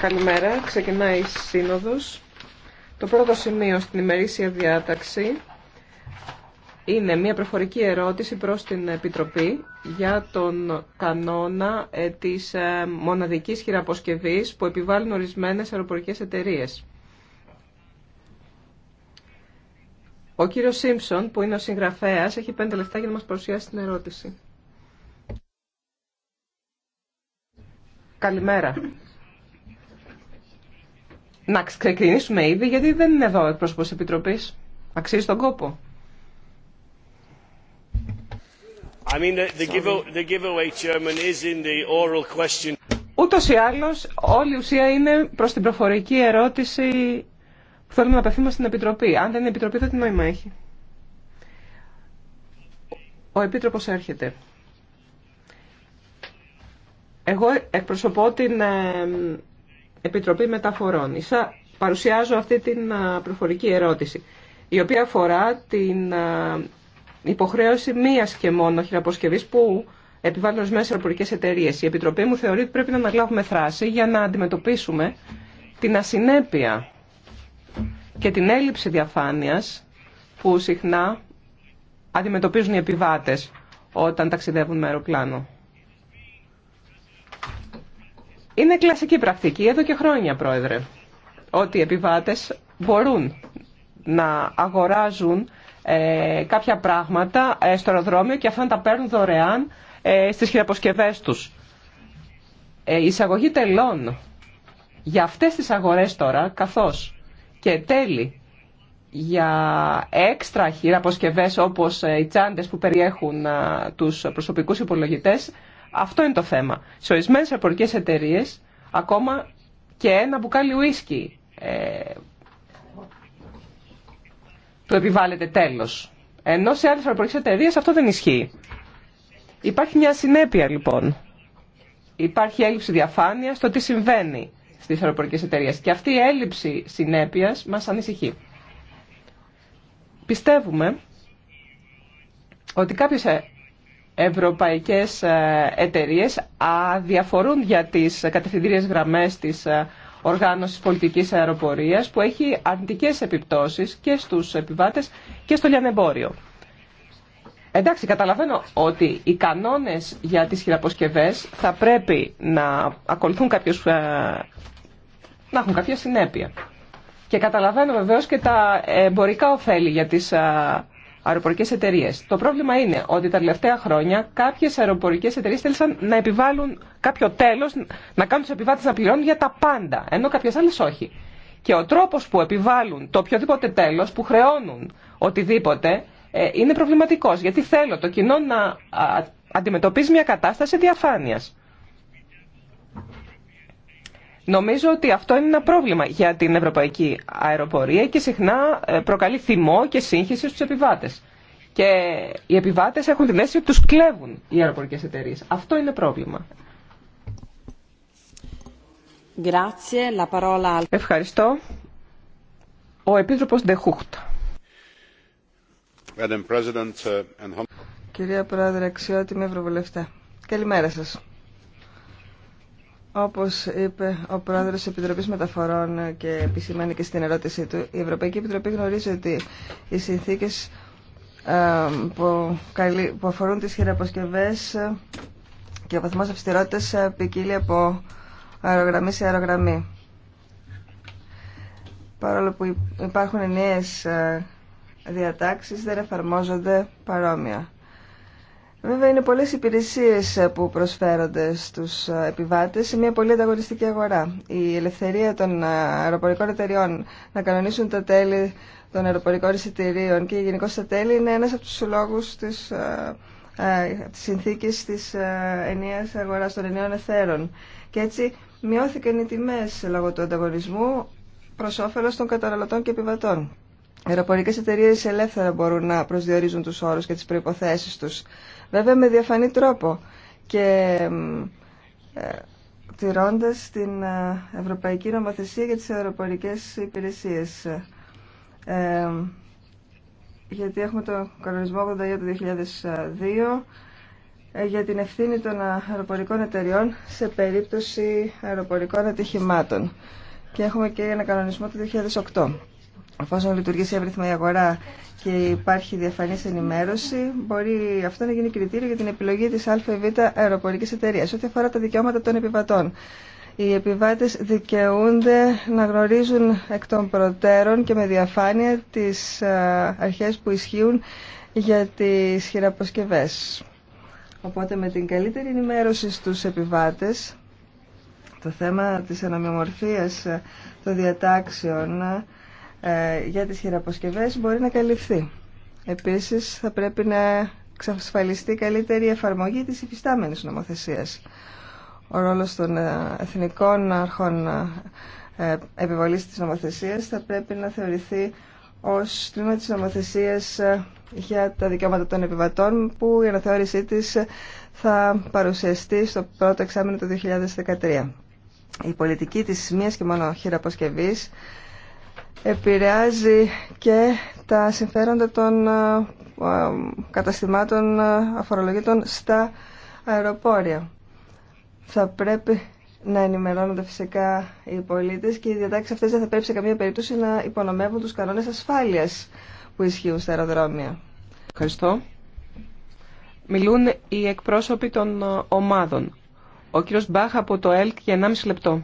Καλημέρα, ξεκινάει η Σύνοδος. Το πρώτο σημείο στην ημερήσια διάταξη είναι μια προφορική ερώτηση προς την Επιτροπή για τον κανόνα ε, της ε, μοναδικής χειραποσκευής που επιβάλλουν ορισμένες αεροπορικές εταιρείες. Ο κύριος Σίμψον, που είναι ο συγγραφέας, έχει πέντε λεφτά για να μας παρουσιάσει την ερώτηση. Καλημέρα. Να ξεκινήσουμε ήδη, γιατί δεν είναι εδώ εκπρόσωπο τη Επιτροπή. Αξίζει τον κόπο. I Ούτως ή άλλως, όλη η ουσία είναι προς την προφορική ερώτηση που θέλουμε να απευθύνουμε στην Επιτροπή. Αν δεν είναι Επιτροπή, δεν τι νόημα έχει. Ο Επίτροπος έρχεται. Εγώ εκπροσωπώ την ε, Επιτροπή Μεταφορών. Ίσα παρουσιάζω αυτή την ε, προφορική ερώτηση, η οποία αφορά την ε, υποχρέωση μίας και μόνο χειραποσκευής που επιβάλλουν σε αεροπορικές εταιρείε. Η Επιτροπή μου θεωρεί ότι πρέπει να αναλάβουμε θράση για να αντιμετωπίσουμε την ασυνέπεια και την έλλειψη διαφάνειας που συχνά αντιμετωπίζουν οι επιβάτες όταν ταξιδεύουν με αεροπλάνο. Είναι κλασική πρακτική εδώ και χρόνια, Πρόεδρε, ότι οι επιβάτες μπορούν να αγοράζουν ε, κάποια πράγματα ε, στο αεροδρόμιο και αυτά να τα παίρνουν δωρεάν ε, στις χειραποσκευές τους. η εισαγωγή τελών για αυτές τις αγορές τώρα, καθώς και τέλη για έξτρα χειραποσκευές όπως οι τσάντες που περιέχουν τους προσωπικούς υπολογιτές, αυτό είναι το θέμα. Σε ορισμένε αεροπορικέ εταιρείε, ακόμα και ένα μπουκάλι ουίσκι ε, του επιβάλλεται τέλο. Ενώ σε άλλε αεροπορικέ εταιρείε αυτό δεν ισχύει. Υπάρχει μια συνέπεια λοιπόν. Υπάρχει έλλειψη διαφάνεια στο τι συμβαίνει στι αεροπορικέ εταιρείε. Και αυτή η έλλειψη συνέπεια μα ανησυχεί. Πιστεύουμε ότι κάποιες ευρωπαϊκές ε, εταιρείες αδιαφορούν για τις κατευθυντήριες γραμμές της ε, οργάνωσης πολιτικής αεροπορίας που έχει αρνητικές επιπτώσεις και στους επιβάτες και στο λιανεμπόριο. Εντάξει, καταλαβαίνω ότι οι κανόνες για τις χειραποσκευές θα πρέπει να ακολουθούν κάποιους, ε, να έχουν κάποια συνέπεια. Και καταλαβαίνω βεβαίως και τα εμπορικά ωφέλη για τις Αεροπορικέ εταιρείε. Το πρόβλημα είναι ότι τα τελευταία χρόνια κάποιες αεροπορικές εταιρείε θέλησαν να επιβάλλουν κάποιο τέλος, να κάνουν του επιβάτες να πληρώνουν για τα πάντα, ενώ κάποιες άλλες όχι. Και ο τρόπος που επιβάλλουν το οποιοδήποτε τέλος, που χρεώνουν οτιδήποτε, ε, είναι προβληματικός, γιατί θέλω το κοινό να αντιμετωπίζει μια κατάσταση διαφάνεια. Νομίζω ότι αυτό είναι ένα πρόβλημα για την ευρωπαϊκή αεροπορία και συχνά ε, προκαλεί θυμό και σύγχυση στους επιβάτες. Και οι επιβάτες έχουν την αίσθηση ότι τους κλέβουν οι αεροπορικές εταιρείες. Αυτό είναι πρόβλημα. Ευχαριστώ. Ο Επίτροπος Ντεχούχτ. Uh, Κυρία Πρόεδρε, αξιότιμη Ευρωβουλευτέ, Καλημέρα σας. Όπως είπε ο πρόεδρος της Επιτροπής Μεταφορών και επισημάνει και στην ερώτησή του, η Ευρωπαϊκή Επιτροπή γνωρίζει ότι οι συνθήκες ε, που, αφορούν τις χειραποσκευές ε, και ο βαθμός αυστηρότητας ε, ποικίλει από αερογραμμή σε αερογραμμή. Παρόλο που υπάρχουν νέες διατάξεις, δεν εφαρμόζονται παρόμοια. Βέβαια είναι πολλές υπηρεσίες ε, που προσφέρονται στους ε, επιβάτες σε μια πολύ ανταγωνιστική αγορά. Η ελευθερία των ε, αεροπορικών εταιριών να κανονίσουν τα τέλη των αεροπορικών εισιτηρίων και γενικώ τα τέλη είναι ένας από τους λόγους της, της συνθήκης της ενιαίας αγοράς των ενιών εθέρων. Και έτσι μειώθηκαν οι τιμές λόγω του ανταγωνισμού προς όφελος των καταναλωτών και επιβατών. Οι αεροπορικές εταιρείες ελεύθερα μπορούν να προσδιορίζουν τους όρους και τις προϋποθέσεις τους βέβαια με διαφανή τρόπο και ε, τηρώντας την ε, Ευρωπαϊκή Νομοθεσία για τις αεροπορικές υπηρεσίες. Ε, γιατί έχουμε τον κανονισμό 82 του 2002 ε, για την ευθύνη των αεροπορικών εταιριών σε περίπτωση αεροπορικών ατυχημάτων. Και έχουμε και ένα κανονισμό του 2008 εφόσον λειτουργήσει η εύρυθμα η αγορά και υπάρχει διαφανής ενημέρωση, μπορεί αυτό να γίνει κριτήριο για την επιλογή της ΑΒ αεροπορικής εταιρείας. Ό,τι αφορά τα δικαιώματα των επιβατών. Οι επιβάτες δικαιούνται να γνωρίζουν εκ των προτέρων και με διαφάνεια τις ε, αρχές που ισχύουν για τις χειραποσκευές. Οπότε με την καλύτερη ενημέρωση στους επιβάτες, το θέμα της ανομιμορφίας των διατάξεων ε, για τις χειραποσκευές μπορεί να καλυφθεί. Επίσης θα πρέπει να εξασφαλιστεί καλύτερη εφαρμογή της υφιστάμενης νομοθεσίας. Ο ρόλος των ε, εθνικών αρχών ε, επιβολής της νομοθεσίας θα πρέπει να θεωρηθεί ως τμήμα της νομοθεσίας για τα δικαιώματα των επιβατών που η αναθεώρησή της θα παρουσιαστεί στο πρώτο εξάμεινο του 2013. Η πολιτική της μίας και μόνο χειραποσκευής επηρεάζει και τα συμφέροντα των ε, ε, καταστημάτων ε, αφορολογήτων στα αεροπόρια. Θα πρέπει να ενημερώνονται φυσικά οι πολίτες και οι διατάξεις αυτές δεν θα πρέπει σε καμία περίπτωση να υπονομεύουν τους κανόνες ασφάλειας που ισχύουν στα αεροδρόμια. Ευχαριστώ. Μιλούν οι εκπρόσωποι των ομάδων. Ο κύριος Μπάχ από το ΕΛΚ για 1,5 λεπτό.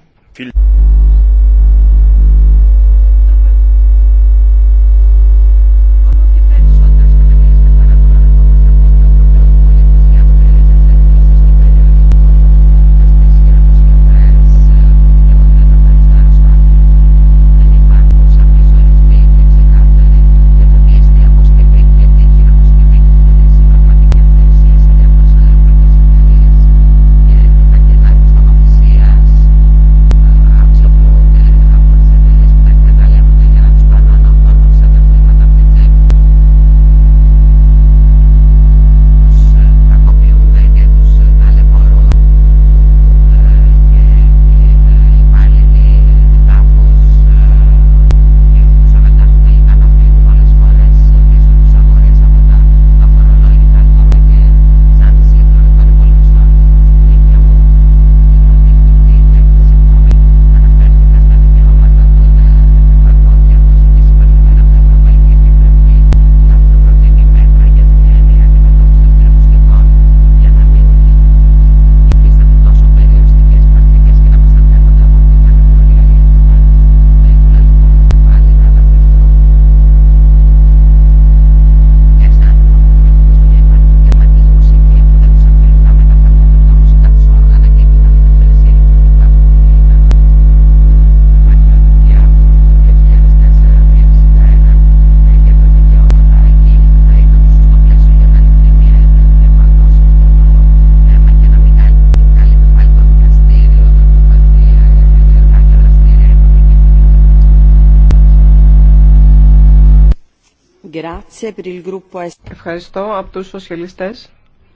Ευχαριστώ από τους σοσιαλιστές.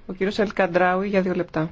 Ο κύριος Ελκαντράουι για δύο λεπτά.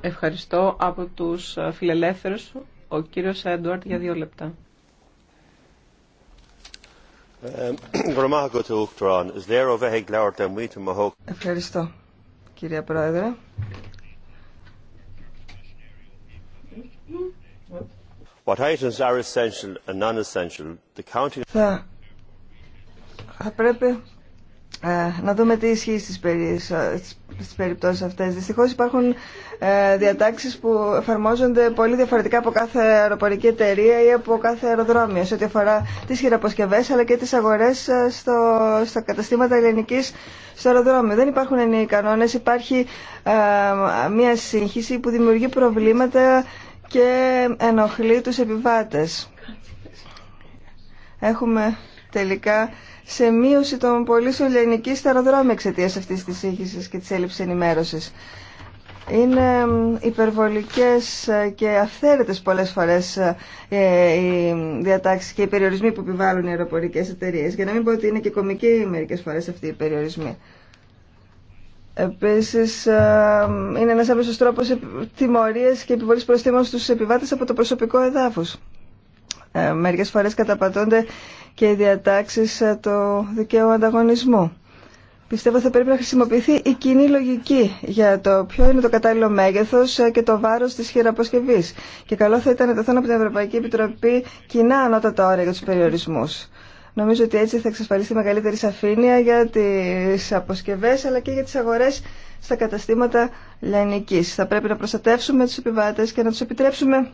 Ευχαριστώ από τους ε, φιλελεύθερους. Ο κύριος Έντουαρτ για δύο λεπτά. Ευχαριστώ, κύριε Πρόεδρε. What items are essential and non-essential, the counting. Θα, θα πρέπει ε, να δούμε τι ισχύει στις, περι... στις περιπτώσεις αυτές. Δυστυχώς υπάρχουν ε, διατάξεις που εφαρμόζονται πολύ διαφορετικά από κάθε αεροπορική εταιρεία ή από κάθε αεροδρόμιο σε ό,τι αφορά τις χειραποσκευές αλλά και τις αγορές ε, στο... στα καταστήματα ελληνικής στο αεροδρόμιο. Δεν υπάρχουν ενίοι κανόνες, υπάρχει μια σύγχυση που δημιουργεί προβλήματα και ενοχλεί τους επιβάτες. Έχουμε τελικά σε μείωση των πωλήσεων λιανική στα αεροδρόμια εξαιτία αυτή τη σύγχυση και τη έλλειψη ενημέρωση. Είναι υπερβολικέ ε, και αυθαίρετε πολλέ φορέ ε, ε, οι διατάξει και οι περιορισμοί που επιβάλλουν οι αεροπορικέ εταιρείε Για να μην πω ότι είναι και κομικοί μερικέ φορέ αυτοί οι περιορισμοί. Επίση είναι ένα άμεσο τρόπο τιμωρία και επιβολής προστήμων στους επιβάτε από το προσωπικό εδάφος. Μερικέ φορέ καταπατώνται και οι διατάξεις ε, του δικαίου ανταγωνισμού. Πιστεύω θα πρέπει να χρησιμοποιηθεί η κοινή λογική για το ποιο είναι το κατάλληλο μέγεθο ε, και το βάρο τη χειραποσκευή. Και καλό θα ήταν να τεθούν από την Ευρωπαϊκή Επιτροπή κοινά ανώτατα όρια για του περιορισμού. Νομίζω ότι έτσι θα εξασφαλίσει μεγαλύτερη σαφήνεια για τι αποσκευέ αλλά και για τι αγορέ στα καταστήματα λιανική. Θα πρέπει να προστατεύσουμε του επιβάτε και να του επιτρέψουμε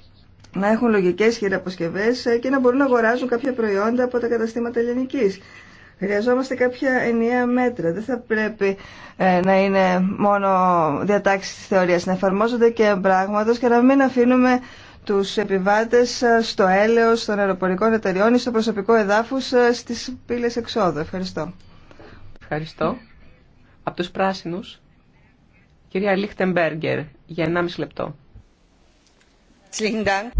να έχουν λογικές χειραποσκευές ε, και να μπορούν να αγοράζουν κάποια προϊόντα από τα καταστήματα ελληνικής. Χρειαζόμαστε κάποια ενιαία μέτρα. Δεν θα πρέπει ε, να είναι μόνο διατάξεις της θεωρίας, να εφαρμόζονται και πράγματος και να μην αφήνουμε τους επιβάτες ε, στο έλεος των αεροπορικών εταιριών ή στο προσωπικό εδάφους στις πύλες εξόδου. Ευχαριστώ. Ευχαριστώ. Από τους πράσινους, κυρία Λίχτεμπέργκερ, για 1,5 λεπτό. Herzlichen Dank.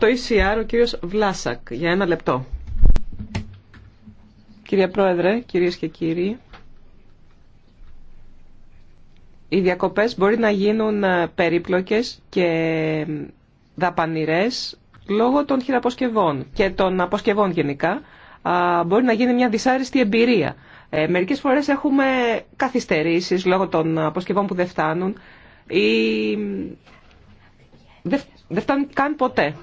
το ECR ο κύριος Βλάσακ για ένα λεπτό. Κύριε Πρόεδρε, κυρίες και κύριοι, οι διακοπές μπορεί να γίνουν ε, περίπλοκες και δαπανηρές λόγω των χειραποσκευών και των αποσκευών γενικά. Μπορεί να γίνει μια δυσάρεστη εμπειρία. Ε, μερικές φορές έχουμε καθυστερήσεις λόγω των αποσκευών που δεν φτάνουν ή δεν φτάνουν καν ποτέ.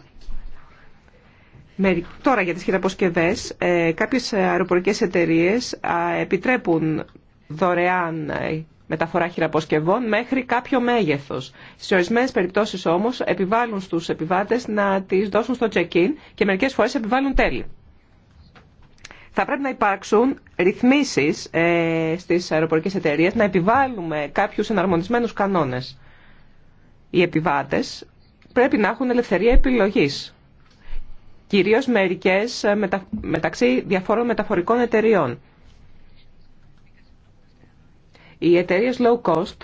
Τώρα για τις χειραποσκευές, ε, κάποιες αεροπορικές εταιρείες επιτρέπουν δωρεάν ε, μεταφορά χειραποσκευών μέχρι κάποιο μέγεθος. Σε ορισμένες περιπτώσεις όμως επιβάλλουν στους επιβάτες να τις δώσουν στο check-in και μερικές φορές επιβάλλουν τέλη. Θα πρέπει να υπάρξουν ρυθμίσεις ε, στις αεροπορικές εταιρείες να επιβάλλουμε κάποιους εναρμονισμένους κανόνες. Οι επιβάτες πρέπει να έχουν ελευθερία επιλογής κυρίως μερικές ε, μεταξύ διαφόρων μεταφορικών εταιριών. Οι εταιρείε low cost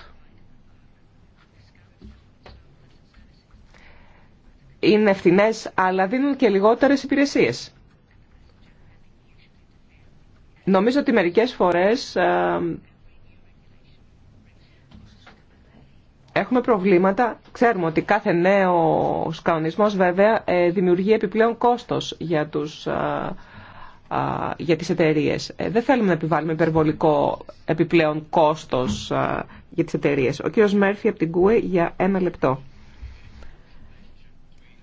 είναι φθηνέ, αλλά δίνουν και λιγότερες υπηρεσίες. Νομίζω ότι μερικές φορές ε, Έχουμε προβλήματα. Ξέρουμε ότι κάθε νέο κανονισμός βέβαια ε, δημιουργεί επιπλέον κόστος για, τους, ε, ε, για τις εταιρείε. Δεν θέλουμε να επιβάλλουμε υπερβολικό επιπλέον κόστος για τις εταιρείε. Ο κύριος Μέρφυ από την ΚΟΕ για ένα λεπτό.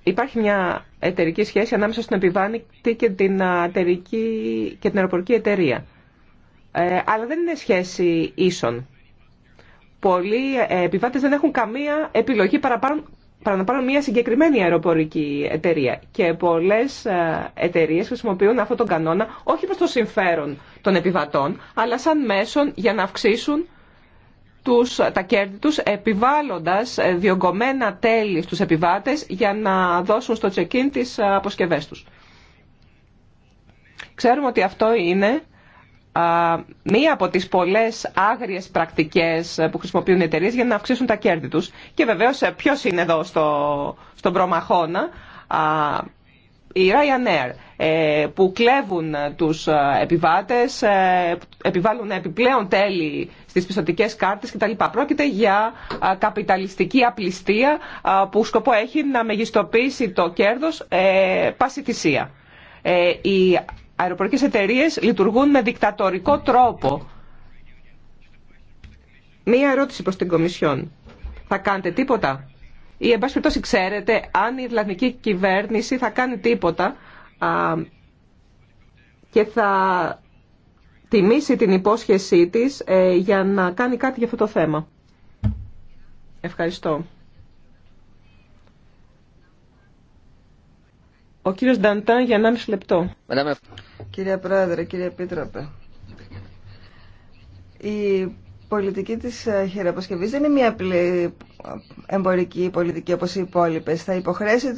Υπάρχει μια εταιρική σχέση ανάμεσα στην επιβάνητη και την, εταιρική, και την αεροπορική εταιρεία. αλλά δεν είναι σχέση ίσων πολλοί ε, επιβάτες δεν έχουν καμία επιλογή παραπάνω παρά να πάρουν μια συγκεκριμένη αεροπορική εταιρεία. Και πολλέ ε, εταιρείε χρησιμοποιούν αυτόν τον κανόνα όχι προ το συμφέρον των επιβατών, αλλά σαν μέσον για να αυξήσουν τους, τα κέρδη τους επιβάλλοντας ε, διογκωμένα τέλη στους επιβάτες για να δώσουν στο check-in τις αποσκευές τους. Ξέρουμε ότι αυτό είναι μία από τις πολλές άγριες πρακτικές που χρησιμοποιούν οι εταιρείε για να αυξήσουν τα κέρδη τους. Και βεβαίως ε, ποιος είναι εδώ στο, στον προμαχώνα, η Ryanair, ε, που κλέβουν τους ε, επιβάτες, επιβάλλουν επιπλέον τέλη στις πιστοτικές κάρτες κτλ. Πρόκειται για καπιταλιστική απληστία που σκοπό έχει να μεγιστοποιήσει το κέρδος πάση θυσία. Η αεροπορικές εταιρείες λειτουργούν με δικτατορικό τρόπο. Μία ερώτηση προς την Κομισιόν. Θα κάνετε τίποτα ή εν πάση ξέρετε αν η Ιρλανδική κυβέρνηση θα κάνει τίποτα και θα τιμήσει την υπόσχεσή της ε, για να κάνει κάτι για αυτό το θέμα. Ευχαριστώ. Ο κύριος Νταντάν για 1,5 λεπτό. Κύριε Πρόεδρε, κύριε Επίτροπε, η πολιτική της ε, χειραποσκευής δεν είναι μια απλή εμπορική πολιτική όπως οι υπόλοιπε. Θα,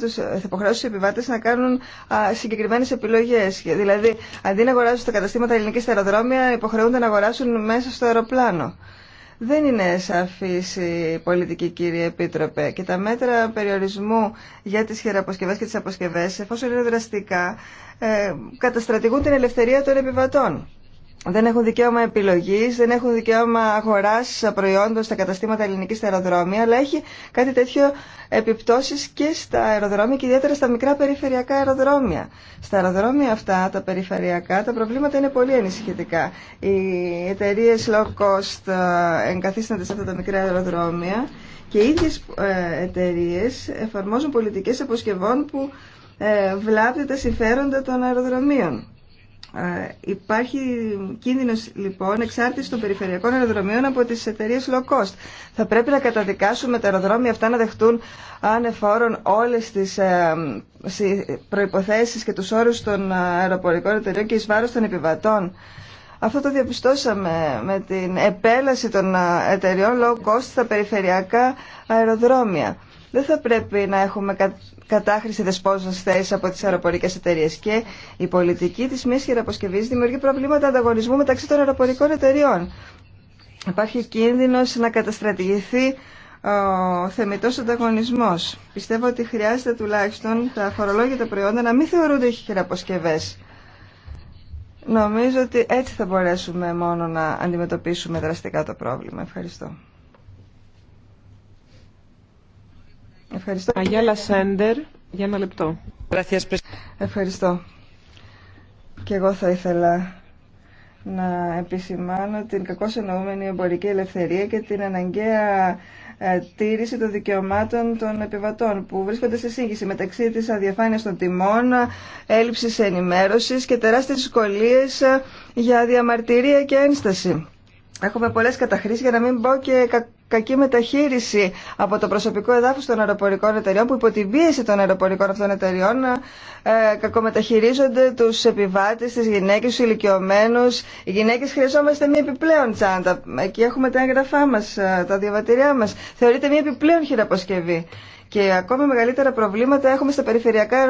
τους, ε, θα υποχρεώσει τους επιβάτες να κάνουν α, συγκεκριμένες επιλογές. Δηλαδή, αντί να αγοράσουν στα καταστήματα ελληνική αεροδρόμια, υποχρεούνται να αγοράσουν μέσα στο αεροπλάνο. Δεν είναι σαφής η πολιτική κύριε Επίτροπε και τα μέτρα περιορισμού για τις χειραποσκευές και τις αποσκευές εφόσον είναι δραστικά ε, καταστρατηγούν την ελευθερία των επιβατών δεν έχουν δικαίωμα επιλογή, δεν έχουν δικαίωμα αγορά προϊόντων στα καταστήματα ελληνική αεροδρόμια, αλλά έχει κάτι τέτοιο επιπτώσει και στα αεροδρόμια και ιδιαίτερα στα μικρά περιφερειακά αεροδρόμια. Στα αεροδρόμια αυτά, τα περιφερειακά, τα προβλήματα είναι πολύ ανησυχητικά. Οι εταιρείε low cost ε, εγκαθίστανται σε αυτά τα μικρά αεροδρόμια και οι ίδιε εταιρείε εφαρμόζουν πολιτικέ αποσκευών που ε, βλάπτει τα συμφέροντα των αεροδρομίων. Ε, υπάρχει κίνδυνος λοιπόν εξάρτηση των περιφερειακών αεροδρομίων από τις εταιρείε low cost. Θα πρέπει να καταδικάσουμε τα αεροδρόμια αυτά να δεχτούν ανεφόρον όλες τις ε, προϋποθέσεις και τους όρους των αεροπορικών εταιρείων και εις βάρος των επιβατών. Αυτό το διαπιστώσαμε με την επέλαση των εταιριών low cost στα περιφερειακά αεροδρόμια. Δεν θα πρέπει να έχουμε κατάχρηση δεσπόζων θέσει από τι αεροπορικέ εταιρείε και η πολιτική τη μη χειραποσκευή δημιουργεί προβλήματα ανταγωνισμού μεταξύ των αεροπορικών εταιριών. Υπάρχει κίνδυνο να καταστρατηγηθεί ο θεμητό ανταγωνισμό. Πιστεύω ότι χρειάζεται τουλάχιστον τα φορολόγια τα προϊόντα να μην θεωρούνται χειραποσκευέ. Νομίζω ότι έτσι θα μπορέσουμε μόνο να αντιμετωπίσουμε δραστικά το πρόβλημα. Ευχαριστώ. Ευχαριστώ. Αγέλα Σέντερ, για ένα λεπτό. Ευχαριστώ. Και εγώ θα ήθελα να επισημάνω την κακώς εννοούμενη εμπορική ελευθερία και την αναγκαία ε, τήρηση των δικαιωμάτων των επιβατών που βρίσκονται σε σύγχυση μεταξύ της αδιαφάνειας των τιμών, έλλειψης ενημέρωσης και τεράστιες δυσκολίες για διαμαρτυρία και ένσταση. Έχουμε πολλές καταχρήσεις για να μην πω και κακή μεταχείριση από το προσωπικό εδάφος των αεροπορικών εταιριών που υπό την πίεση των αεροπορικών αυτών εταιριών ε, κακομεταχειρίζονται τους επιβάτες, τις γυναίκες, τους ηλικιωμένους. Οι γυναίκες χρειαζόμαστε μία επιπλέον τσάντα. Εκεί έχουμε τα έγγραφά μας, ε, τα διαβατηριά μας. Θεωρείται μία επιπλέον χειραποσκευή. Και ακόμα μεγαλύτερα προβλήματα έχουμε στα περιφερειακά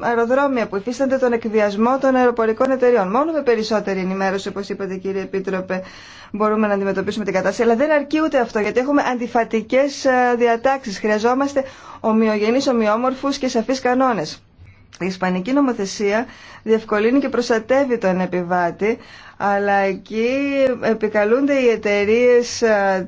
αεροδρόμια που υφίστανται τον εκβιασμό των αεροπορικών εταιριών. Μόνο με περισσότερη ενημέρωση, όπω είπατε κύριε Επίτροπε, μπορούμε να αντιμετωπίσουμε την κατάσταση. Αλλά δεν αρκεί ούτε αυτό, γιατί έχουμε αντιφατικέ ε, διατάξει. Χρειαζόμαστε ομοιογενεί, ομοιόμορφου και σαφεί κανόνε. Η Ισπανική νομοθεσία διευκολύνει και προστατεύει τον επιβάτη, αλλά εκεί επικαλούνται οι εταιρείε ε,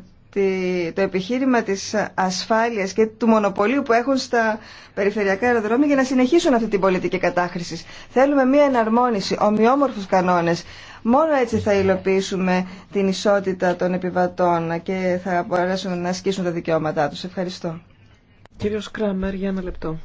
το επιχείρημα της ασφάλειας και του μονοπωλίου που έχουν στα περιφερειακά αεροδρόμια για να συνεχίσουν αυτή την πολιτική κατάχρηση. Θέλουμε μία εναρμόνιση, ομοιόμορφους κανόνες. Μόνο έτσι θα υλοποιήσουμε την ισότητα των επιβατών και θα μπορέσουν να ασκήσουν τα δικαιώματά τους. Ευχαριστώ. Κύριος Κράμερ, για ένα λεπτό.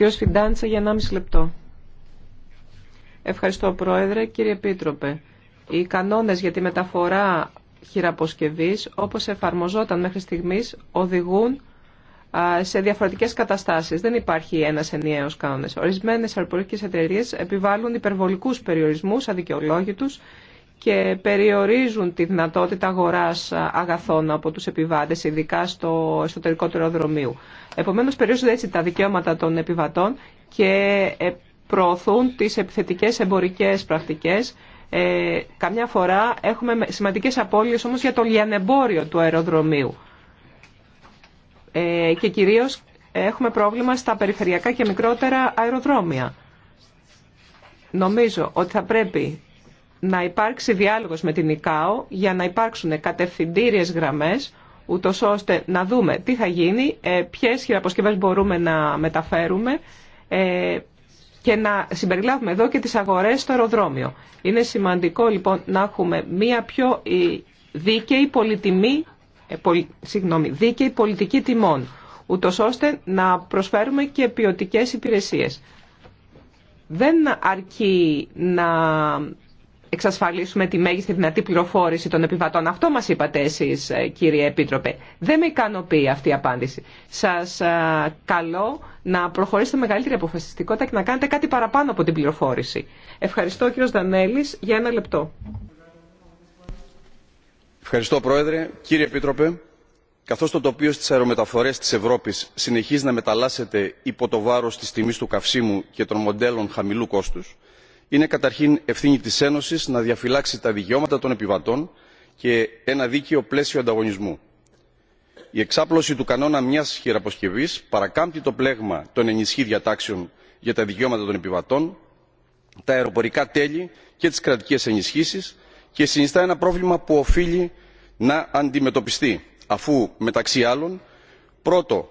κύριος Φιντάντσα για 1,5 λεπτό. Ευχαριστώ Πρόεδρε, κύριε Επίτροπε. Οι κανόνες για τη μεταφορά χειραποσκευής, όπως εφαρμοζόταν μέχρι στιγμής, οδηγούν σε διαφορετικές καταστάσεις. Δεν υπάρχει ένας ενιαίος κανόνας. Ορισμένες αεροπορικές εταιρείε επιβάλλουν υπερβολικούς περιορισμούς αδικαιολόγητους και περιορίζουν τη δυνατότητα αγοράς αγαθών από τους επιβάτες, ειδικά στο εσωτερικό του αεροδρομίου. Επομένως περιορίζονται έτσι τα δικαιώματα των επιβατών και ε, προωθούν τις επιθετικές εμπορικές πρακτικές. Ε, καμιά φορά έχουμε σημαντικές απώλειες όμως για το λιανεμπόριο του αεροδρομίου. Ε, και κυρίως έχουμε πρόβλημα στα περιφερειακά και μικρότερα αεροδρόμια. Νομίζω ότι θα πρέπει να υπάρξει διάλογος με την ΙΚΑΟ για να υπάρξουν κατευθυντήριες γραμμές ούτως ώστε να δούμε τι θα γίνει, ε, ποιες χειραποσκευέ μπορούμε να μεταφέρουμε ε, και να συμπεριλάβουμε εδώ και τις αγορές στο αεροδρόμιο. Είναι σημαντικό λοιπόν να έχουμε μία πιο ε, δίκαιη, πολυτιμή, συγγνώμη, δίκαιη πολιτική τιμών, ούτως ώστε να προσφέρουμε και ποιοτικέ υπηρεσίες. Δεν αρκεί να εξασφαλίσουμε τη μέγιστη δυνατή πληροφόρηση των επιβατών. Αυτό μας είπατε εσείς ε, κύριε Επίτροπε. Δεν με ικανοποιεί αυτή η απάντηση. Σας ε, καλώ να προχωρήσετε μεγαλύτερη αποφασιστικότητα και να κάνετε κάτι παραπάνω από την πληροφόρηση. Ευχαριστώ κύριο Δανέλης για ένα λεπτό. Ευχαριστώ Πρόεδρε. Κύριε Επίτροπε, καθώς το τοπίο στις αερομεταφορές της Ευρώπης συνεχίζει να μεταλλάσσεται υπό το βάρος της τιμής του καυσίμου και των μοντέλων χαμηλού κόστους, είναι καταρχήν ευθύνη της ένωσης να διαφυλάξει τα δικαιώματα των επιβατών και ένα δίκαιο πλαίσιο ανταγωνισμού. η εξάπλωση του κανόνα μιας χειραποσκευής παρακάμπτει το πλέγμα των ενισχύ διατάξεων για τα δικαιώματα των επιβατών τα αεροπορικά τέλη και τις κρατικές ενισχύσεις και συνιστά ένα πρόβλημα που οφείλει να αντιμετωπιστεί αφού μεταξύ άλλων πρώτο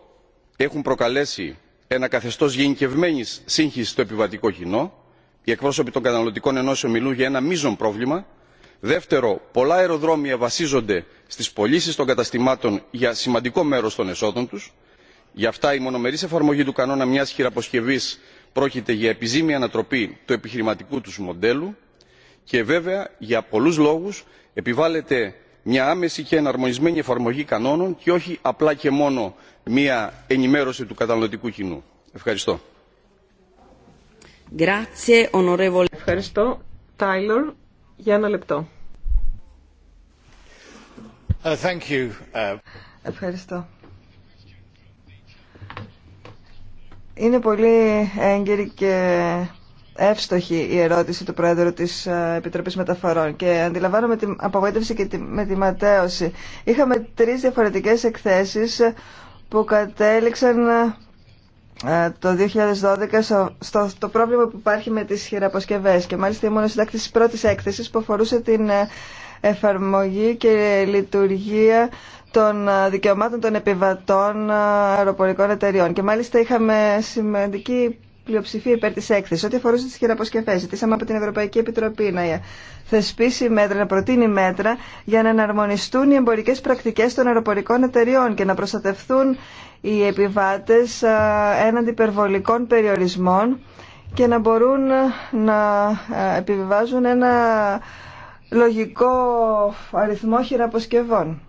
έχουν προκαλέσει ένα καθεστώς γενικευμένης σύγχυσης στο επιβατικό κοινό οι εκπρόσωποι των καταναλωτικών ενώσεων μιλούν για ένα μείζον πρόβλημα δεύτερο πολλά αεροδρόμια βασίζονται στι πωλήσει των καταστημάτων για σημαντικό μέρο των εσόδων του, γι' αυτά η μονομερής εφαρμογή του κανόνα μια χειραποσκευή πρόκειται για επιζήμια ανατροπή του επιχειρηματικού του μοντέλου και βέβαια για πολλού λόγου επιβάλλεται μια άμεση και εναρμονισμένη εφαρμογή κανόνων και όχι απλά και μόνο μια ενημέρωση του καταναλωτικού κοινού. ευχαριστώ. Ευχαριστώ. Τάιλορ, για ένα λεπτό. Uh, uh. Ευχαριστώ. Είναι πολύ έγκαιρη και εύστοχη η ερώτηση του Πρόεδρου της uh, Επιτροπής Μεταφορών και αντιλαμβάνομαι την απογοήτευση και με τη ματέωση. Είχαμε τρεις διαφορετικές εκθέσεις που κατέληξαν ε, το 2012 στο, το πρόβλημα που υπάρχει με τις χειραποσκευές και μάλιστα ήμουν ο συντάκτης της πρώτης έκθεσης που αφορούσε την ε, εφαρμογή και λειτουργία των ε, δικαιωμάτων των επιβατών αεροπορικών εταιριών και μάλιστα είχαμε σημαντική πλειοψηφία υπέρ τη έκθεση. Ό,τι αφορούσε τι χειραποσκευέ, ζητήσαμε από την Ευρωπαϊκή Επιτροπή να θεσπίσει μέτρα, να προτείνει μέτρα για να εναρμονιστούν οι εμπορικέ πρακτικέ των αεροπορικών εταιριών και να προστατευτούν οι επιβάτε έναντι υπερβολικών περιορισμών και να μπορούν να επιβιβάζουν ένα λογικό αριθμό χειραποσκευών.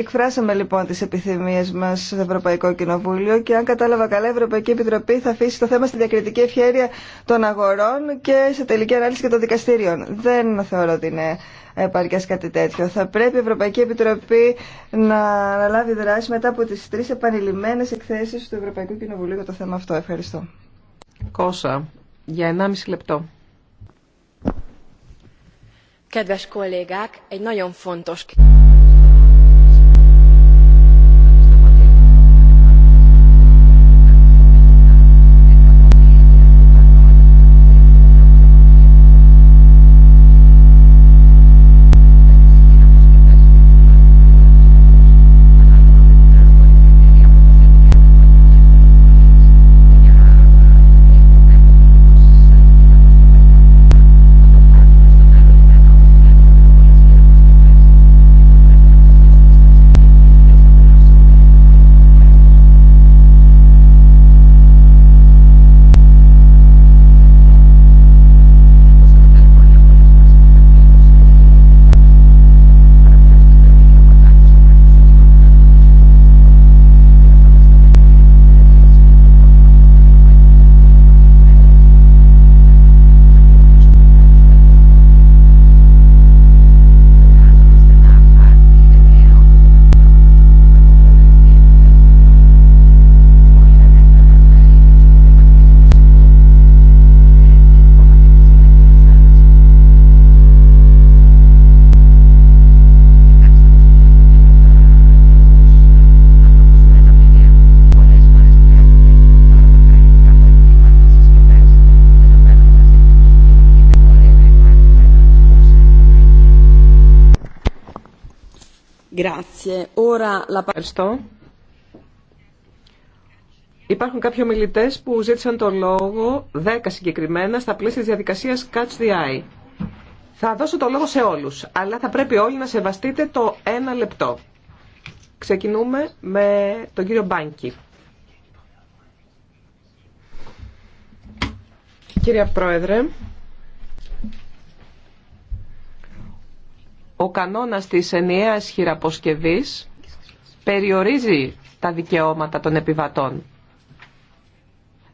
Εκφράσαμε λοιπόν τι επιθυμίε μα στο Ευρωπαϊκό Κοινοβούλιο και αν κατάλαβα καλά η Ευρωπαϊκή Επιτροπή θα αφήσει το θέμα στη διακριτική ευχαίρεια των αγορών και σε τελική ανάλυση και των δικαστήριων. Δεν θεωρώ ότι είναι επαρκέ κάτι τέτοιο. Θα πρέπει η Ευρωπαϊκή Επιτροπή να αναλάβει δράση μετά από τι τρει επανειλημμένε εκθέσει του Ευρωπαϊκού Κοινοβουλίου για το θέμα αυτό. Ευχαριστώ. Κόσα, για 1,5 λεπτό. Ευχαριστώ. Υπάρχουν κάποιοι ομιλητέ που ζήτησαν το λόγο, δέκα συγκεκριμένα, στα πλαίσια τη διαδικασία Catch the Eye. Θα δώσω το λόγο σε όλου, αλλά θα πρέπει όλοι να σεβαστείτε το ένα λεπτό. Ξεκινούμε με τον κύριο Μπάνκι. Κύριε Πρόεδρε, ο κανόνας της ενιαίας χειραποσκευής περιορίζει τα δικαιώματα των επιβατών.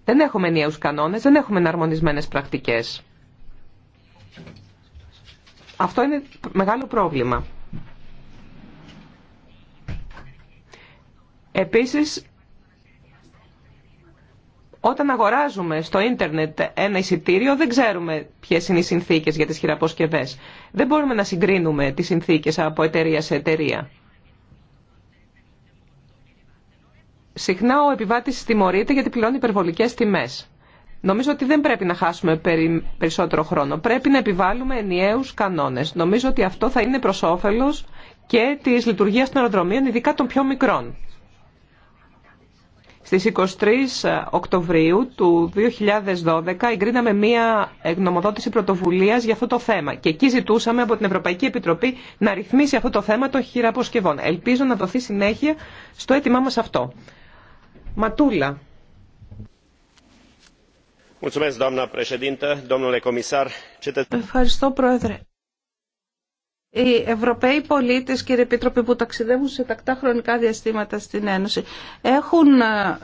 Δεν έχουμε ενιαίους κανόνες, δεν έχουμε εναρμονισμένες πρακτικές. Αυτό είναι μεγάλο πρόβλημα. Επίσης, όταν αγοράζουμε στο ίντερνετ ένα εισιτήριο, δεν ξέρουμε ποιε είναι οι συνθήκε για τι χειραποσκευέ. Δεν μπορούμε να συγκρίνουμε τι συνθήκε από εταιρεία σε εταιρεία. Συχνά ο επιβάτη τιμωρείται γιατί πληρώνει υπερβολικέ τιμέ. Νομίζω ότι δεν πρέπει να χάσουμε περισσότερο χρόνο. Πρέπει να επιβάλλουμε ενιαίου κανόνε. Νομίζω ότι αυτό θα είναι προ όφελο και τη λειτουργία των αεροδρομίων, ειδικά των πιο μικρών. Στις 23 Οκτωβρίου του 2012 εγκρίναμε μία γνωμοδότηση πρωτοβουλίας για αυτό το θέμα και εκεί ζητούσαμε από την Ευρωπαϊκή Επιτροπή να ρυθμίσει αυτό το θέμα των χειραποσκευών. Ελπίζω να δοθεί συνέχεια στο αίτημά μας αυτό. Ματούλα. Ευχαριστώ Πρόεδρε οι Ευρωπαίοι πολίτες, κύριε Επίτροπε, που ταξιδεύουν σε τακτά χρονικά διαστήματα στην Ένωση, έχουν ε,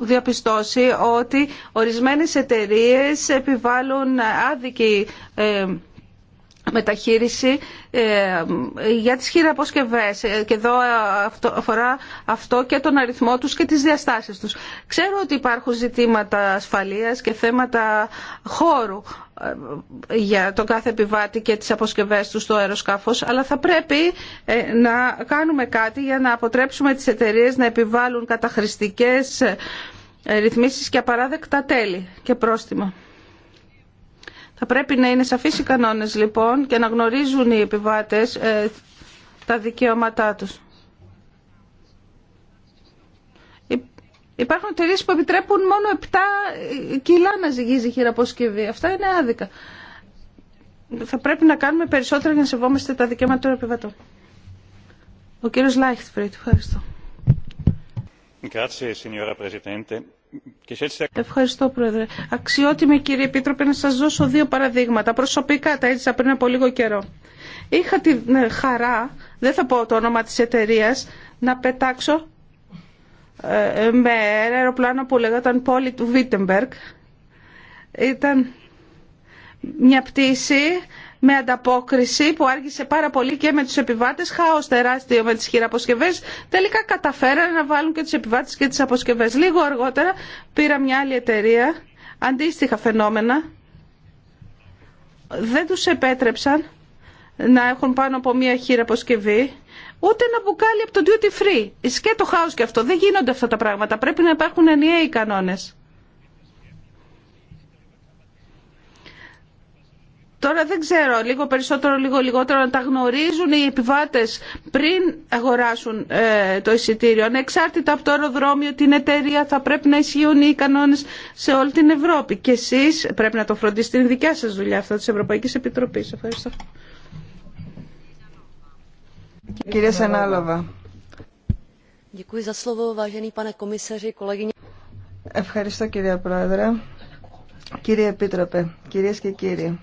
διαπιστώσει ότι ορισμένες εταιρείες επιβάλλουν άδικη ε, μεταχείριση ε, για τις χειραποσκευές ε, και εδώ ε, αφορά αυτό και τον αριθμό τους και τις διαστάσεις τους. Ξέρω ότι υπάρχουν ζητήματα ασφαλείας και θέματα χώρου για τον κάθε επιβάτη και τις αποσκευές του στο αεροσκάφος, αλλά θα πρέπει να κάνουμε κάτι για να αποτρέψουμε τις εταιρείες να επιβάλλουν καταχρηστικές ρυθμίσεις και απαράδεκτα τέλη και πρόστιμα. Θα πρέπει να είναι σαφείς οι κανόνες λοιπόν και να γνωρίζουν οι επιβάτες ε, τα δικαιώματά τους. Υπάρχουν εταιρείε που επιτρέπουν μόνο 7 ε, κιλά να ζυγίζει η χειραποσκευή. Αυτά είναι άδικα. Θα πρέπει να κάνουμε περισσότερα για να σεβόμαστε τα δικαιώματα των επιβατών. Ο κύριος Λάιχτφριτ, ευχαριστώ. Grazie, signora Presidente. Ευχαριστώ, Πρόεδρε. Αξιότιμη κύριε Επίτροπε, να σας δώσω δύο παραδείγματα. Προσωπικά τα έζησα πριν από λίγο καιρό. Είχα τη ε, χαρά, δεν θα πω το όνομα της εταιρεία, να πετάξω ε, ε, με ένα αεροπλάνο που λέγονταν Πόλη του Βίτεμπεργκ. Ήταν μια πτήση με ανταπόκριση που άργησε πάρα πολύ και με τους επιβάτες, χάος τεράστιο με τις χειραποσκευές. Τελικά καταφέρανε να βάλουν και τους επιβάτες και τις αποσκευές. Λίγο αργότερα πήρα μια άλλη εταιρεία, αντίστοιχα φαινόμενα. Δεν τους επέτρεψαν να έχουν πάνω από μια χειραποσκευή ούτε να μπουκάλι από το duty free. Σκέτο χάος και αυτό. Δεν γίνονται αυτά τα πράγματα. Πρέπει να υπάρχουν ενιαίοι κανόνες. Τώρα δεν ξέρω, λίγο περισσότερο, λίγο λιγότερο, να τα γνωρίζουν οι επιβάτες πριν αγοράσουν ε, το εισιτήριο. Εξάρτητα από το αεροδρόμιο, την εταιρεία, θα πρέπει να ισχύουν οι κανόνες σε όλη την Ευρώπη. Και εσείς πρέπει να το φροντίσετε, είναι δικιά σας δουλειά αυτά της Ευρωπαϊκής Επιτροπής. Ευχαριστώ. Κυρία Ευχαριστώ κυρία Πρόεδρε. Κύριε Επίτροπε, κυρίες και κύριοι.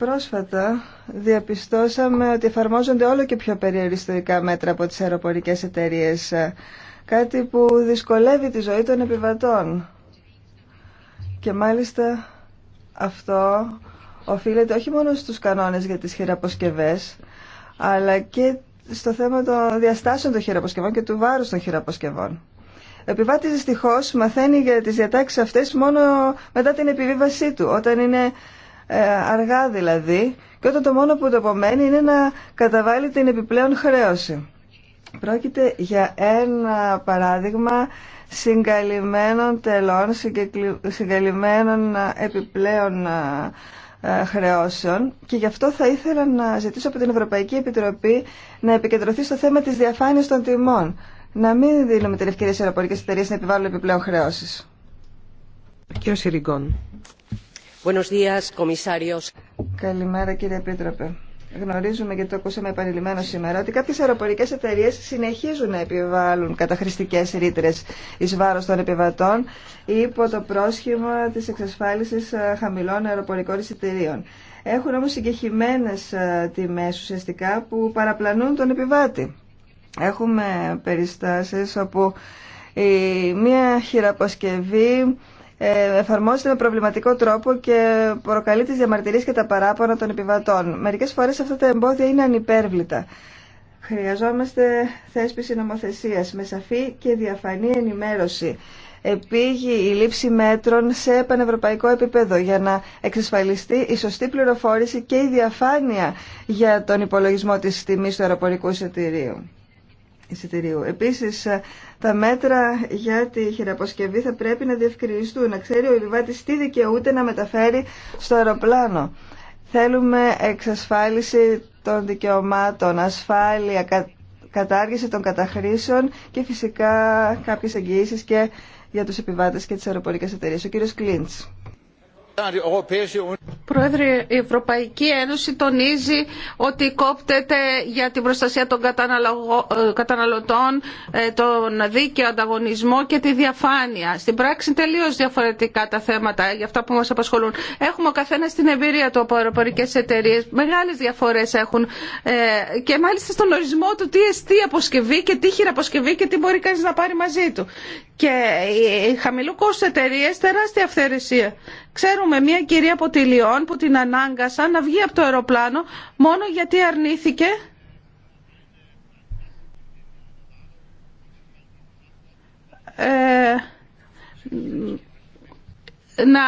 Πρόσφατα διαπιστώσαμε ότι εφαρμόζονται όλο και πιο περιοριστικά μέτρα από τις αεροπορικές εταιρείες, κάτι που δυσκολεύει τη ζωή των επιβατών. Και μάλιστα αυτό οφείλεται όχι μόνο στους κανόνες για τις χειραποσκευές, αλλά και στο θέμα των διαστάσεων των χειραποσκευών και του βάρους των χειραποσκευών. Ο επιβάτης δυστυχώς μαθαίνει για τις διατάξεις αυτές μόνο μετά την επιβίβασή του, όταν είναι ε, αργά δηλαδή, και όταν το μόνο που το απομένει είναι να καταβάλει την επιπλέον χρέωση. Πρόκειται για ένα παράδειγμα συγκαλυμμένων τελών, συγκαλυμμένων επιπλέον χρεώσεων και γι' αυτό θα ήθελα να ζητήσω από την Ευρωπαϊκή Επιτροπή να επικεντρωθεί στο θέμα της διαφάνειας των τιμών. Να μην δίνουμε την ευκαιρία σε αεροπορικές εταιρείες να επιβάλλουν επιπλέον χρεώσεις. Κύριο Σιριγκόν. Καλημέρα κύριε Επίτροπε. Γνωρίζουμε και το ακούσαμε επανειλημμένο σήμερα ότι κάποιε αεροπορικέ εταιρείε συνεχίζουν να επιβάλλουν καταχρηστικέ ρήτρε ει βάρο των επιβατών υπό το πρόσχημα τη εξασφάλιση ε, χαμηλών αεροπορικών εισιτηρίων. Έχουν όμω συγκεχημένε ε, τιμέ ουσιαστικά που παραπλανούν τον επιβάτη. Έχουμε περιστάσει όπου μία χειραποσκευή ε, εφαρμόζεται με προβληματικό τρόπο και προκαλεί τις διαμαρτυρίες και τα παράπονα των επιβατών. Μερικές φορές αυτά τα εμπόδια είναι ανυπέρβλητα. Χρειαζόμαστε θέσπιση νομοθεσίας με σαφή και διαφανή ενημέρωση. Επίγει η λήψη μέτρων σε πανευρωπαϊκό επίπεδο για να εξασφαλιστεί η σωστή πληροφόρηση και η διαφάνεια για τον υπολογισμό της τιμής του αεροπορικού εισιτηρίου εισιτηρίου. Επίσης, ε, τα μέτρα για τη χειραποσκευή θα πρέπει να διευκρινιστούν, να ξέρει ο επιβάτης τι δικαιούται να μεταφέρει στο αεροπλάνο. Θέλουμε εξασφάλιση των δικαιωμάτων, ασφάλεια, κατάργηση των καταχρήσεων και φυσικά κάποιες εγγυήσεις και για τους επιβάτες και τις αεροπορικές εταιρείες. Ο κύριος Κλίντς. Πρόεδρε, η Ευρωπαϊκή Ένωση τονίζει ότι κόπτεται για την προστασία των καταναλωτών, ε, τον δίκαιο ανταγωνισμό και τη διαφάνεια. Στην πράξη τελείω διαφορετικά τα θέματα ε, για αυτά που μας απασχολούν. Έχουμε ο στην την εμπειρία του από αεροπορικέ εταιρείε. Μεγάλες διαφορές έχουν ε, και μάλιστα στον ορισμό του τι εστί αποσκευή και τι χειραποσκευή και τι μπορεί κανεί να πάρει μαζί του. Και οι χαμηλού κόστου εταιρείε τεράστια αυθαιρεσία. Ξέρουμε μια κυρία από τη Λιόν που την ανάγκασαν να βγει από το αεροπλάνο μόνο γιατί αρνήθηκε ε, να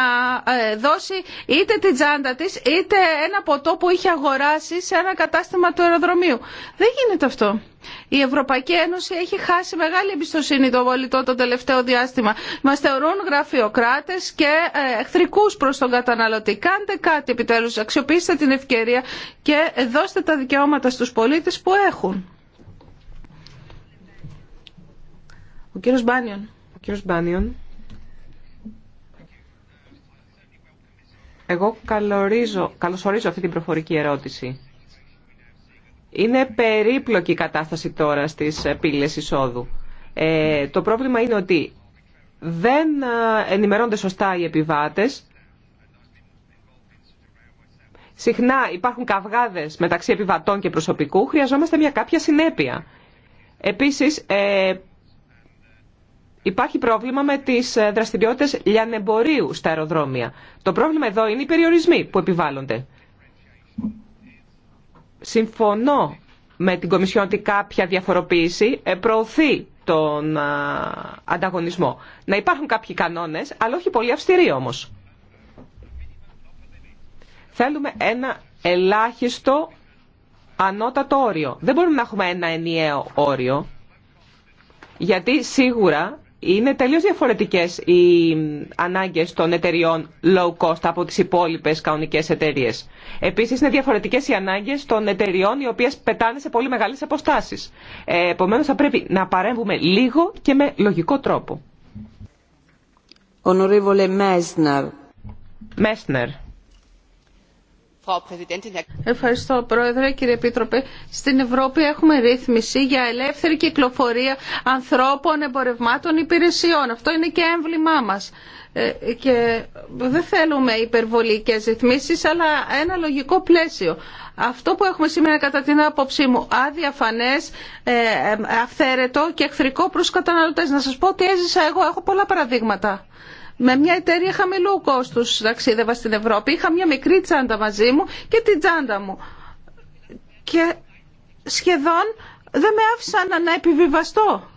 ε, δώσει είτε την τσάντα τη είτε ένα ποτό που είχε αγοράσει σε ένα κατάστημα του αεροδρομίου. Δεν γίνεται αυτό. Η Ευρωπαϊκή Ένωση έχει χάσει μεγάλη εμπιστοσύνη των πολιτών το τελευταίο διάστημα. Μα θεωρούν γραφειοκράτε και ε, εχθρικού προ τον καταναλωτή. Κάντε κάτι επιτέλου, αξιοποιήστε την ευκαιρία και δώστε τα δικαιώματα στου πολίτε που έχουν. Ο κύριος Μπάνιον. Ο κύριος Μπάνιον. Εγώ καλωρίζω, καλωσορίζω αυτή την προφορική ερώτηση. Είναι περίπλοκη η κατάσταση τώρα στις πύλες εισόδου. Ε, το πρόβλημα είναι ότι δεν ε, ενημερώνται σωστά οι επιβάτες. Συχνά υπάρχουν καυγάδες μεταξύ επιβατών και προσωπικού. Χρειαζόμαστε μια κάποια συνέπεια. Επίσης, ε, Υπάρχει πρόβλημα με τι ε, δραστηριότητε λιανεμπορίου στα αεροδρόμια. Το πρόβλημα εδώ είναι οι περιορισμοί που επιβάλλονται. Συμφωνώ με την Κομισιόν ότι κάποια διαφοροποίηση ε, προωθεί τον ανταγωνισμό. Να υπάρχουν κάποιοι κανόνες, αλλά όχι πολύ αυστηροί όμω. Θέλουμε ένα ελάχιστο ανώτατο όριο. Δεν μπορούμε να έχουμε ένα ενιαίο όριο, γιατί σίγουρα είναι τελείως διαφορετικές οι ανάγκες των εταιριών low cost από τις υπόλοιπε κανονικές εταιρείε. Επίσης είναι διαφορετικές οι ανάγκες των εταιριών οι οποίες πετάνε σε πολύ μεγάλες αποστάσεις. Ε, επομένως θα πρέπει να παρέμβουμε λίγο και με λογικό τρόπο. Μέσνερ. Ευχαριστώ Πρόεδρε, κύριε Επίτροπε. Στην Ευρώπη έχουμε ρύθμιση για ελεύθερη κυκλοφορία ανθρώπων, εμπορευμάτων, υπηρεσιών. Αυτό είναι και έμβλημά μας. Ε, και δεν θέλουμε υπερβολικές ρυθμίσεις, αλλά ένα λογικό πλαίσιο. Αυτό που έχουμε σήμερα κατά την άποψή μου αδιαφανές, ε, ε, αυθαίρετο και εχθρικό προς καταναλωτές. Να σας πω ότι έζησα εγώ, έχω πολλά παραδείγματα με μια εταιρεία χαμηλού κόστους ταξίδευα στην Ευρώπη. Είχα μια μικρή τσάντα μαζί μου και την τσάντα μου. Και σχεδόν δεν με άφησαν να επιβιβαστώ.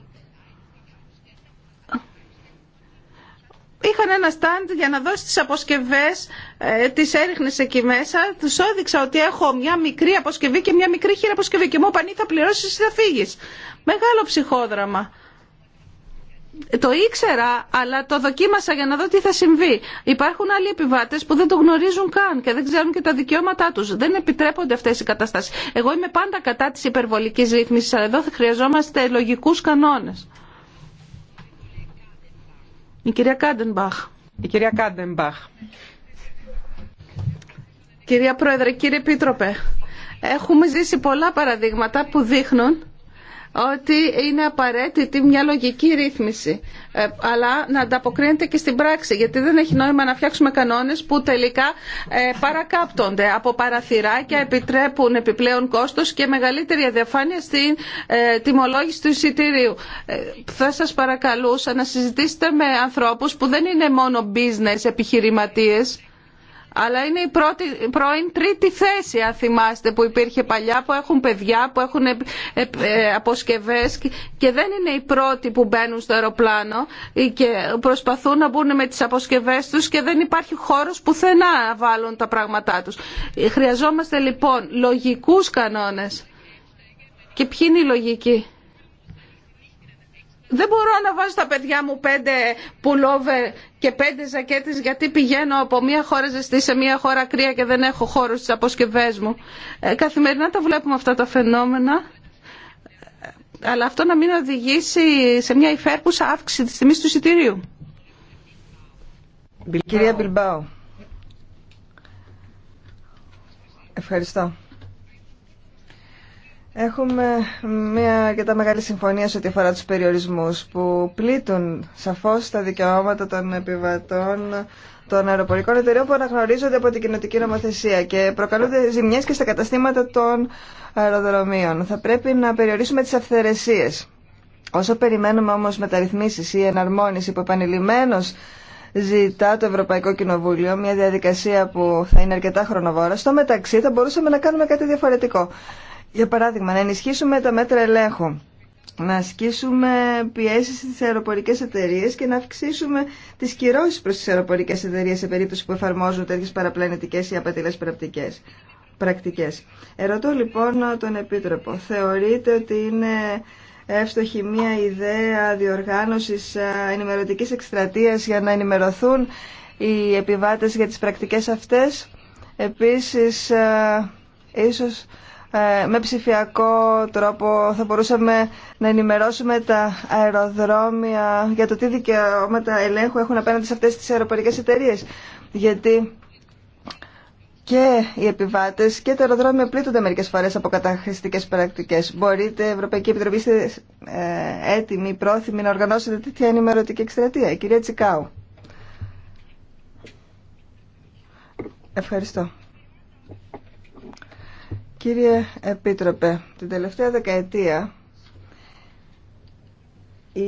Είχαν ένα στάντ για να δώσει τις αποσκευές, ε, τις έριχνες εκεί μέσα. Τους έδειξα ότι έχω μια μικρή αποσκευή και μια μικρή χειραποσκευή και μου είπαν θα πληρώσεις ή θα φύγεις. Μεγάλο ψυχόδραμα το ήξερα, αλλά το δοκίμασα για να δω τι θα συμβεί. Υπάρχουν άλλοι επιβάτε που δεν το γνωρίζουν καν και δεν ξέρουν και τα δικαιώματά τους. Δεν επιτρέπονται αυτέ οι καταστάσει. Εγώ είμαι πάντα κατά της υπερβολικής ρυθμίση, αλλά εδώ χρειαζόμαστε λογικού κανόνες. Η κυρία Κάντεμπαχ. Η κυρία Κάντεμπαχ. Κυρία Πρόεδρε, κύριε Επίτροπε, έχουμε ζήσει πολλά παραδείγματα που δείχνουν ότι είναι απαραίτητη μια λογική ρύθμιση, ε, αλλά να ανταποκρίνεται και στην πράξη, γιατί δεν έχει νόημα να φτιάξουμε κανόνες που τελικά ε, παρακάπτονται από παραθυράκια, επιτρέπουν επιπλέον κόστο και μεγαλύτερη αδιαφάνεια στην ε, τιμολόγηση του εισιτήριου. Θα σα παρακαλούσα να συζητήσετε με ανθρώπους που δεν είναι μόνο business επιχειρηματίε αλλά είναι η πρώτη, πρώην τρίτη θέση, αν θυμάστε, που υπήρχε παλιά, που έχουν παιδιά, που έχουν ε, αποσκευέ και δεν είναι οι πρώτοι που μπαίνουν στο αεροπλάνο και προσπαθούν να μπουν με τις αποσκευέ τους και δεν υπάρχει χώρος πουθενά να βάλουν τα πράγματά τους. Χρειαζόμαστε λοιπόν λογικούς κανόνες. Και ποιοι είναι οι λογικοί δεν μπορώ να βάζω στα παιδιά μου πέντε πουλόβερ και πέντε ζακέτες γιατί ζακέτε ζεστή σε μία χώρα κρύα και δεν έχω χώρο στις αποσκευές μου. Ε, καθημερινά τα βλέπουμε αυτά τα φαινόμενα. Αλλά αυτό να μην οδηγήσει σε μια χωρα κρυα και δεν εχω χωρο στι αποσκευε μου ε καθημερινα τα βλεπουμε αύξηση τη τιμή του εισιτηρίου. Κυρία Μπιλμπάου, ευχαριστώ. Έχουμε μια αρκετά μεγάλη συμφωνία σε ό,τι αφορά τους περιορισμούς που πλήττουν σαφώς τα δικαιώματα των επιβατών των αεροπορικών εταιρεών που αναγνωρίζονται από την κοινοτική νομοθεσία και προκαλούνται ζημιές και στα καταστήματα των αεροδρομίων. Θα πρέπει να περιορίσουμε τις αυθαιρεσίες. Όσο περιμένουμε όμως μεταρρυθμίσεις ή εναρμόνιση που επανειλημμένως ζητά το Ευρωπαϊκό Κοινοβούλιο, μια διαδικασία που θα είναι αρκετά χρονοβόρα, στο μεταξύ θα μπορούσαμε να κάνουμε κάτι διαφορετικό. Για παράδειγμα, να ενισχύσουμε τα μέτρα ελέγχου, να ασκήσουμε πιέσεις στις αεροπορικές εταιρείες και να αυξήσουμε τις κυρώσεις προς τις αεροπορικές εταιρείες σε περίπτωση που εφαρμόζουν τέτοιες παραπλανητικές ή απατηλές πρακτικές. Πρακτικές. Ερωτώ λοιπόν τον Επίτροπο. Θεωρείτε ότι είναι εύστοχη μια ιδέα διοργάνωσης ε, ενημερωτικής εκστρατείας για να ενημερωθούν οι επιβάτες για τις πρακτικές αυτές. Επίσης, ε, ίσως ε, με ψηφιακό τρόπο θα μπορούσαμε να ενημερώσουμε τα αεροδρόμια για το τι δικαιώματα ελέγχου έχουν απέναντι σε αυτές τις αεροπορικές εταιρείες. Γιατί και οι επιβάτες και τα αεροδρόμια πλήττονται μερικές φορές από καταχρηστικές πρακτικές. Μπορείτε, Ευρωπαϊκή Επιτροπή, είστε ε, έτοιμοι, πρόθυμοι να οργανώσετε τέτοια ενημερωτική εκστρατεία. κυρία Τσικάου. Ευχαριστώ. Κύριε Επίτροπε, την τελευταία δεκαετία η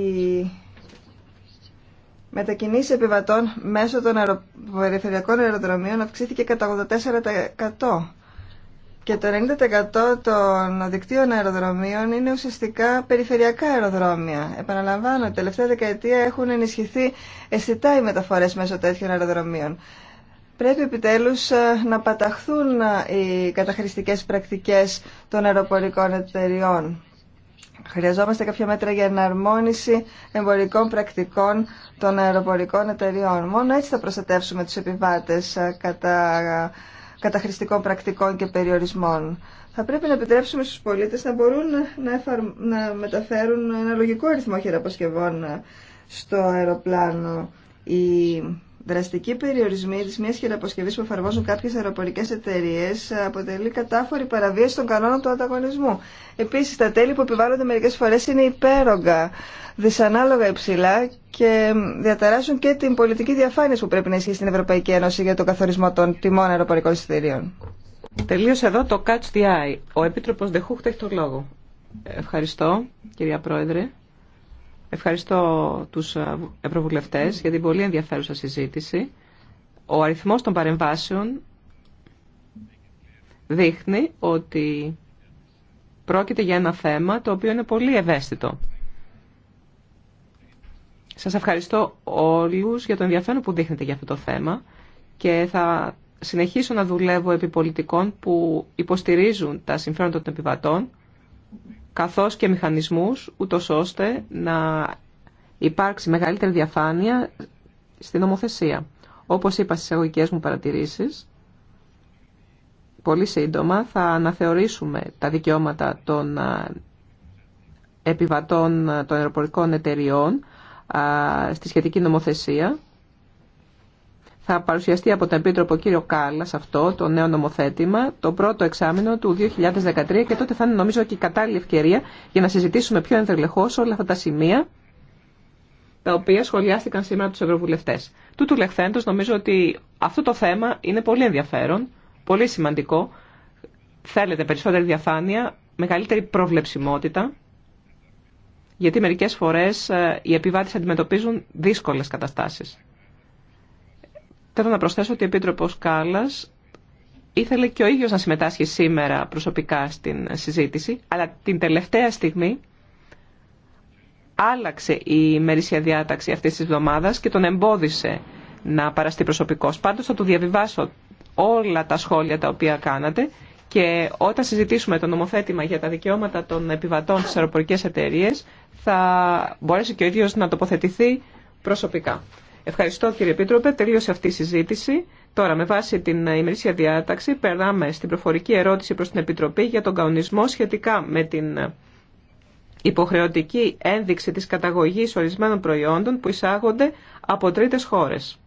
μετακινήσεις επιβατών μέσω των περιφερειακών αεροδρομίων αυξήθηκε κατά 84% και το 90% των δικτύων αεροδρομίων είναι ουσιαστικά περιφερειακά αεροδρόμια. Επαναλαμβάνω, τελευταία δεκαετία έχουν ενισχυθεί αισθητά οι μεταφορές μέσω τέτοιων αεροδρομίων. Πρέπει επιτέλους ε, να παταχθούν ε, οι καταχρηστικές πρακτικές των αεροπορικών εταιριών. Χρειαζόμαστε κάποια μέτρα για εναρμόνιση εμπορικών πρακτικών των αεροπορικών εταιριών. Μόνο έτσι θα προστατεύσουμε τους επιβάτες ε, κατά καταχρηστικών πρακτικών και περιορισμών. Θα πρέπει να επιτρέψουμε στους πολίτες να μπορούν να, μεταφέρουν ένα λογικό αριθμό χειραποσκευών στο αεροπλάνο. Δραστικοί περιορισμοί τη μια χειραποσκευή που εφαρμόζουν κάποιε αεροπορικέ εταιρείε ε, αποτελεί κατάφορη παραβίαση των κανόνων του ανταγωνισμού. Επίση, τα τέλη που επιβάλλονται μερικέ φορέ είναι υπέρογκα, δυσανάλογα υψηλά και διαταράσσουν και την πολιτική διαφάνεια που πρέπει να ισχύει στην Ευρωπαϊκή Ένωση για τον καθορισμό των τιμών αεροπορικών εισιτηρίων. Τελείωσε εδώ το Catch the Eye. Ο Επίτροπο Δεχούχτ έχει το λόγο. Ευχαριστώ, κυρία Πρόεδρε. Ευχαριστώ τους ε, Ευρωβουλευτές για την πολύ ενδιαφέρουσα συζήτηση. Ο αριθμός των παρεμβάσεων δείχνει ότι πρόκειται για ένα θέμα το οποίο είναι πολύ ευαίσθητο. Σας ευχαριστώ όλους για το ενδιαφέρον που δείχνετε για αυτό το θέμα και θα συνεχίσω να δουλεύω επί πολιτικών που υποστηρίζουν τα συμφέροντα των επιβατών καθώς και μηχανισμούς, ούτως ώστε να υπάρξει μεγαλύτερη διαφάνεια στην νομοθεσία. Όπως είπα στις εγωικές μου παρατηρήσεις, πολύ σύντομα θα αναθεωρήσουμε τα δικαιώματα των επιβατών των αεροπορικών εταιριών στη σχετική νομοθεσία θα παρουσιαστεί από τον Επίτροπο κύριο Κάλλα αυτό το νέο νομοθέτημα το πρώτο εξάμεινο του 2013 και τότε θα είναι νομίζω και η κατάλληλη ευκαιρία για να συζητήσουμε πιο ενδελεχώ όλα αυτά τα σημεία τα οποία σχολιάστηκαν σήμερα τους Ευρωβουλευτέ. Τούτου λεχθέντος νομίζω ότι αυτό το θέμα είναι πολύ ενδιαφέρον, πολύ σημαντικό. Θέλετε περισσότερη διαφάνεια, μεγαλύτερη προβλεψιμότητα, γιατί μερικές φορές ε, οι επιβάτες αντιμετωπίζουν δύσκολες καταστάσεις. Θέλω να προσθέσω ότι ο επίτροπο Κάλλας ήθελε και ο ίδιος να συμμετάσχει σήμερα προσωπικά στην συζήτηση, αλλά την τελευταία στιγμή άλλαξε η ημερήσια διάταξη αυτής της εβδομάδας και τον εμπόδισε να παραστεί προσωπικό. Πάντως θα του διαβιβάσω όλα τα σχόλια τα οποία κάνατε και όταν συζητήσουμε το νομοθέτημα για τα δικαιώματα των επιβατών στι αεροπορικέ εταιρείε θα μπορέσει και ο ίδιο να τοποθετηθεί προσωπικά. Ευχαριστώ κύριε Επίτροπε. Τελείωσε αυτή η συζήτηση. Τώρα με βάση την ημερήσια διάταξη περνάμε στην προφορική ερώτηση προς την Επιτροπή για τον καονισμό σχετικά με την υποχρεωτική ένδειξη της καταγωγής ορισμένων προϊόντων που εισάγονται από τρίτες χώρες.